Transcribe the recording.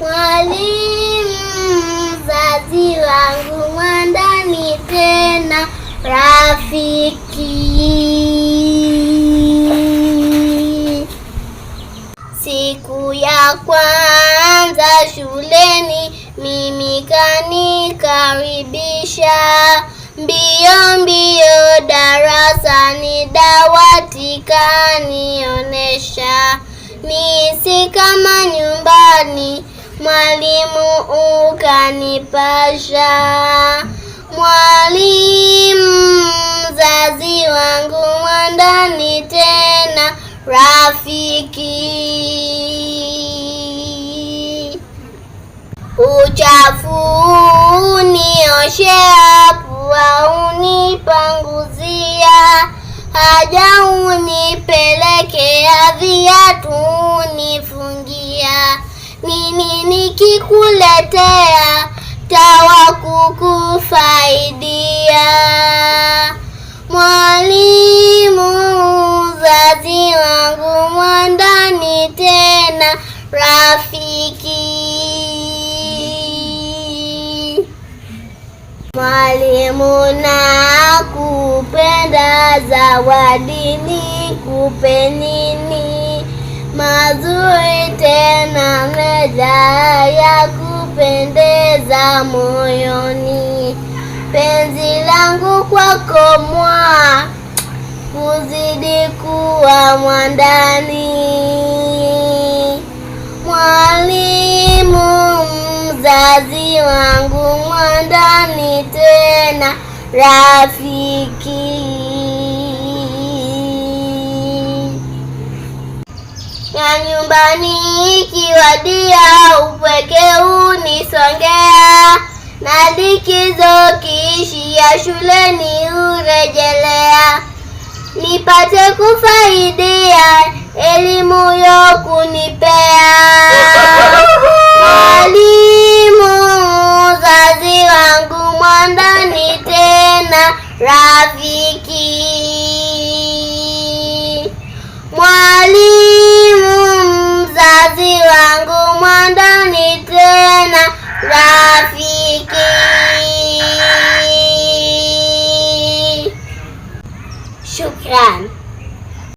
mwalimu mzazi wangu mwandani tena rafiki. Siku ya kwanza shuleni mimi kanikaribisha mbio mbio darasani, dawati kanionesha, nisi kama nyumbani mwalimu ukanipasha, mwalimu mzazi wangu mwandani, tena rafiki. Uchafu unioshea, pua unipanguzia, haja unipelekea viatu mimi nikikuletea tawa kukufaidia. Mwalimu mzazi wangu mwandani, tena rafiki. Mwalimu na kupenda zawadi, nikupe nini? mazuri tena meza ya kupendeza moyoni, penzi langu kwako mwa kuzidi kuwa mwandani, mwalimu mzazi wangu, mwandani tena rafiki na nyumbani ikiwadia, upweke unisongea, na likizo kiishia, shuleni urejelea nipate kufaidia elimu yo kunipea. Mwalimu mzazi wangu, mwandani tena rafiki wangu mwanda rafiki. Shukran.